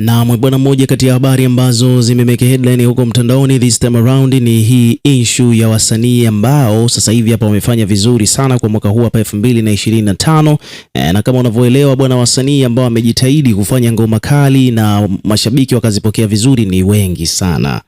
Na bwana, mmoja kati ya habari ambazo zimemeke headline huko mtandaoni this time around ni hii issue ya wasanii ambao sasa hivi hapa wamefanya vizuri sana kwa mwaka huu hapa 2025 e, eh, na kama unavyoelewa bwana, wasanii ambao wamejitahidi kufanya ngoma kali na mashabiki wakazipokea vizuri ni wengi sana.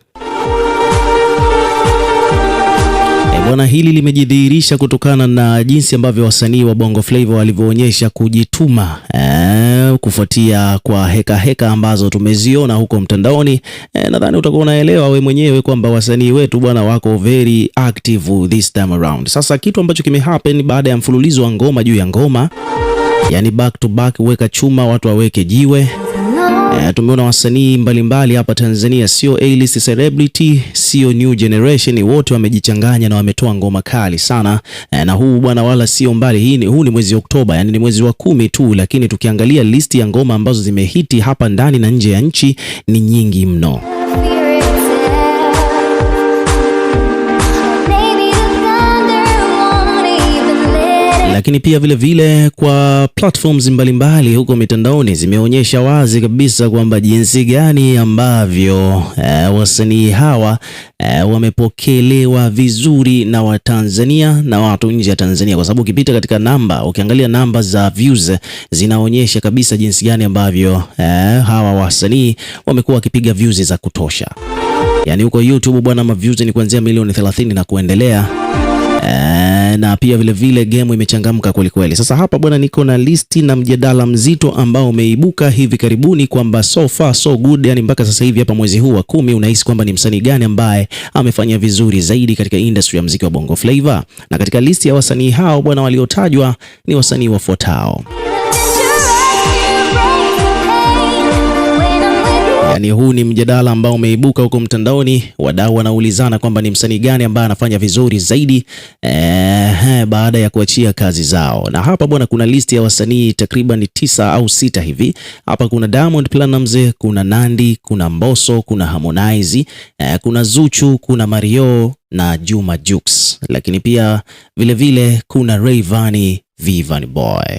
Bwana, hili limejidhihirisha kutokana na jinsi ambavyo wasanii wa Bongo Flava walivyoonyesha kujituma eh, kufuatia kwa heka heka ambazo tumeziona huko mtandaoni e, nadhani utakuwa unaelewa we mwenyewe kwamba wasanii wetu bwana wako very active this time around. Sasa kitu ambacho kimehappen baada ya mfululizo wa ngoma juu ya ngoma, yani back to back, weka chuma watu waweke jiwe Eh, tumeona wasanii mbalimbali hapa Tanzania, sio A-list celebrity, sio new generation, wote wamejichanganya na wametoa ngoma kali sana eh, na huu bwana wala sio mbali. Hii, huu ni mwezi Oktoba, yani ni mwezi wa kumi tu, lakini tukiangalia listi ya ngoma ambazo zimehiti hapa ndani na nje ya nchi ni nyingi mno. Eh? lakini pia vile vile kwa platforms mbalimbali huko mitandaoni zimeonyesha wazi kabisa kwamba jinsi gani ambavyo e, wasanii hawa e, wamepokelewa vizuri na Watanzania na watu nje ya Tanzania, kwa sababu ukipita katika namba, ukiangalia namba za views zinaonyesha kabisa jinsi gani ambavyo e, hawa wasanii wamekuwa wakipiga views za kutosha. Yaani huko YouTube bwana, maviews ni kuanzia milioni 30 na kuendelea. Eh, na pia vile vile game imechangamka kweli kweli. Sasa hapa bwana, niko na listi na mjadala mzito ambao umeibuka hivi karibuni kwamba so far so good, yani mpaka sasa hivi hapa mwezi huu wa kumi, unahisi kwamba ni msanii gani ambaye amefanya vizuri zaidi katika industry ya muziki wa Bongo Flava? Na katika listi ya wasanii hao bwana, waliotajwa ni wasanii wafuatao Yaani huu ni mjadala ambao umeibuka huko mtandaoni, wadau wanaulizana kwamba ni msanii gani ambaye anafanya vizuri zaidi ee, baada ya kuachia kazi zao. Na hapa bwana, kuna listi ya wasanii takriban tisa au sita hivi. Hapa kuna Diamond Platnumz, kuna Nandi, kuna Mbosso, kuna Harmonize, ee, kuna Zuchu, kuna Mario na Juma Jux, lakini pia vilevile vile kuna Rayvanny Vivani Boy.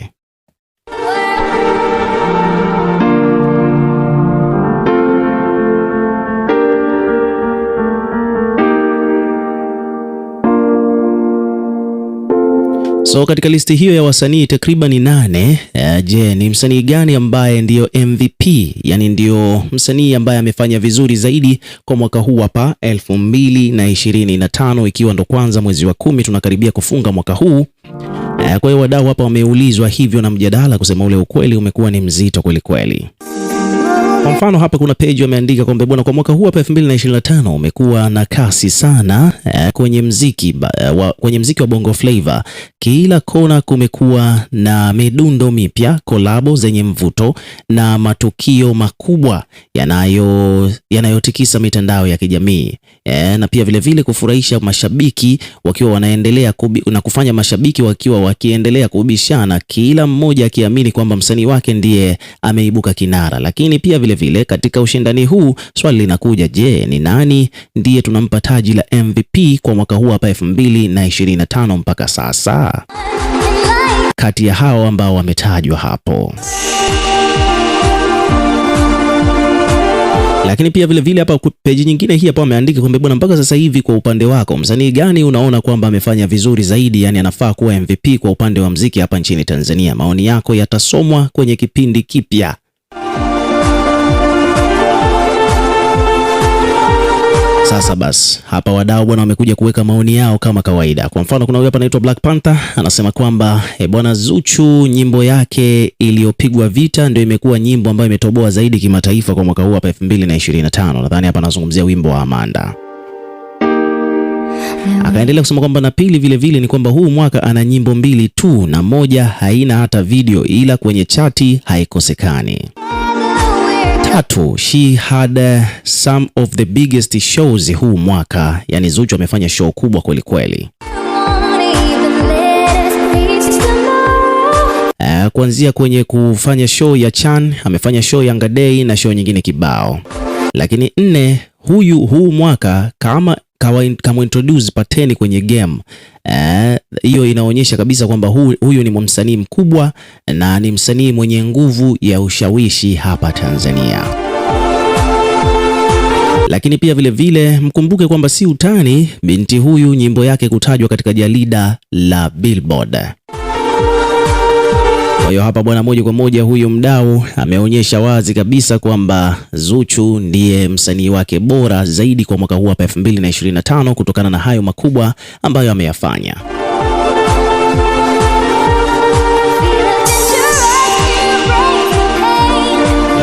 So katika listi hiyo ya wasanii takriban nane, uh, je, ni msanii gani ambaye ndiyo MVP, yani ndiyo msanii ambaye amefanya vizuri zaidi kwa mwaka huu hapa 2025 ikiwa ndo kwanza mwezi wa kumi tunakaribia kufunga mwaka huu. Uh, kwa hiyo wadau hapa wameulizwa hivyo na mjadala kusema ule ukweli umekuwa ni mzito kweli kweli. Kwa mfano hapa kuna page wameandika kwamba bwana, kwa mwaka huu hapa 2025 umekuwa na kasi sana eh, kwenye mziki eh, wa, kwenye mziki wa Bongo Flava. Kila kona kumekuwa na midundo mipya, kolabo zenye mvuto na matukio makubwa yanayo yanayotikisa mitandao ya kijamii eh, na pia vilevile vile kufurahisha mashabiki wakiwa wanaendelea kubi, na kufanya mashabiki wakiwa wakiendelea kubishana, kila mmoja akiamini kwamba msanii wake ndiye ameibuka kinara, lakini pia vile vile vile katika ushindani huu swali linakuja, je, ni nani ndiye tunampa taji la MVP kwa mwaka huu hapa 2025 mpaka sasa kati ya hao ambao wametajwa hapo? Lakini pia vile vile hapa peji nyingine hii hapa ameandika kwamba bwana, mpaka sasa hivi kwa upande wako msanii gani unaona kwamba amefanya vizuri zaidi, yani anafaa kuwa MVP kwa upande wa mziki hapa nchini Tanzania? Maoni yako yatasomwa kwenye kipindi kipya sasa basi hapa wadau bwana wamekuja kuweka maoni yao kama kawaida. Kwa mfano kuna huyu hapa anaitwa Black Panther anasema kwamba e, bwana Zuchu nyimbo yake iliyopigwa vita ndio imekuwa nyimbo ambayo imetoboa zaidi kimataifa kwa mwaka huu hapa 2025. Nadhani hapa anazungumzia wimbo wa Amanda. Akaendelea kusema kwamba na pili vile vile ni kwamba huu mwaka ana nyimbo mbili tu na moja haina hata video ila kwenye chati haikosekani tatu, she had uh, some of the biggest shows huu mwaka. Yani Zuchu amefanya show kubwa kweli kweli. Uh, kuanzia kwenye kufanya show ya Chan, amefanya show ya Ngadei na show nyingine kibao. Lakini nne, huyu huu mwaka kama kamwintroduce Pateni kwenye game eh, hiyo eh, inaonyesha kabisa kwamba hu, huyu ni msanii mkubwa na ni msanii mwenye nguvu ya ushawishi hapa Tanzania. Lakini pia vile vile mkumbuke kwamba si utani binti huyu nyimbo yake kutajwa katika jarida la Billboard hiyo hapa bwana, moja kwa moja huyu mdau ameonyesha wazi kabisa kwamba Zuchu ndiye msanii wake bora zaidi kwa mwaka huu hapa 2025 kutokana na hayo makubwa ambayo ameyafanya.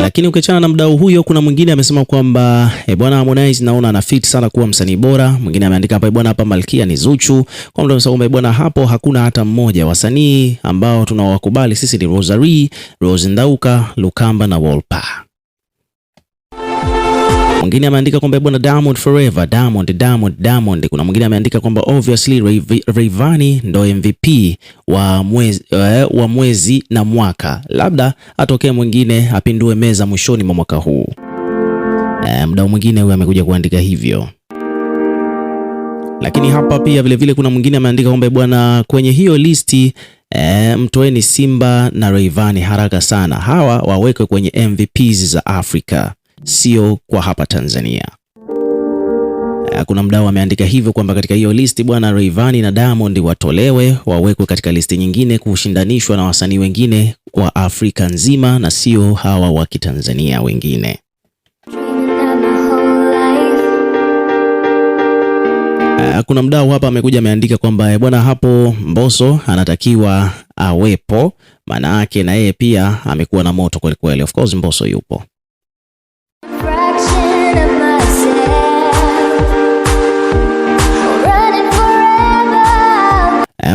Lakini ukiachana na mdau huyo, kuna mwingine amesema kwamba e, bwana Harmonize naona ana fit sana kuwa msanii bora. Mwingine ameandika hapa, eh, bwana hapa Malkia ni Zuchu. Kwa mtu amesema eh, bwana hapo hakuna hata mmoja. Wasanii ambao tunawakubali sisi ni Rosary, Rose Ndauka, Lukamba na Wolpa. Mwingine ameandika kwamba bwana Diamond forever, Diamond Diamond Diamond. Kuna mwingine ameandika kwamba obviously Rayvanny ndo MVP wa mwezi, eh, wa mwezi na mwaka, labda atokee mwingine apindue meza mwishoni mwa mwaka huu. Eh, mdau mwingine huyo amekuja kuandika hivyo lakini hapa pia vilevile vile kuna mwingine ameandika kwamba bwana, kwenye hiyo listi e, mtoeni Simba na Rayvanny haraka sana, hawa wawekwe kwenye MVPs za Afrika sio kwa hapa Tanzania. Eh, kuna mdau ameandika hivyo kwamba katika hiyo listi bwana Rayvanny na Diamond watolewe wawekwe katika listi nyingine kushindanishwa na wasanii wengine wa Afrika nzima na sio hawa wa Kitanzania wengine. Eh, kuna mdau hapa amekuja ameandika kwamba eh, bwana, hapo Mbosso anatakiwa awepo, maana yake na yeye pia amekuwa na moto kwelikweli. Of course Mbosso yupo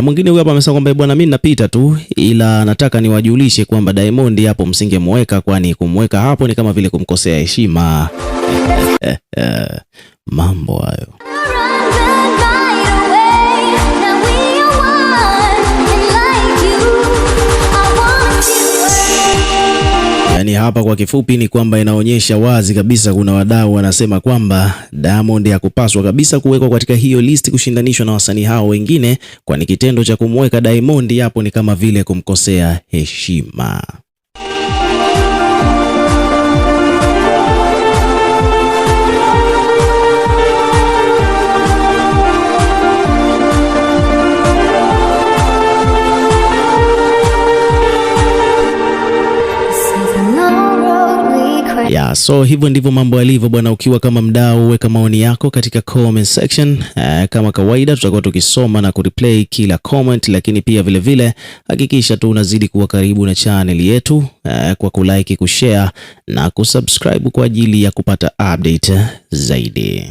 mwingine huyu hapa amesema kwamba eh, bwana, mimi napita tu, ila nataka niwajulishe kwamba Diamond hapo msingemweka, kwani kumweka hapo ni kama vile kumkosea heshima. Eh, eh, mambo hayo. hapa kwa kifupi ni kwamba inaonyesha wazi kabisa, kuna wadau wanasema kwamba Diamond hakupaswa kabisa kuwekwa katika hiyo listi kushindanishwa na wasanii hao wengine, kwani kitendo cha kumweka Diamond hapo ni kama vile kumkosea heshima. So hivyo ndivyo mambo yalivyo bwana. Ukiwa kama mdau, weka maoni yako katika comment section. Uh, kama kawaida tutakuwa tukisoma na kureplay kila comment, lakini pia vilevile vile, hakikisha tu unazidi kuwa karibu na channel yetu uh, kwa kulike, kushare na kusubscribe kwa ajili ya kupata update zaidi.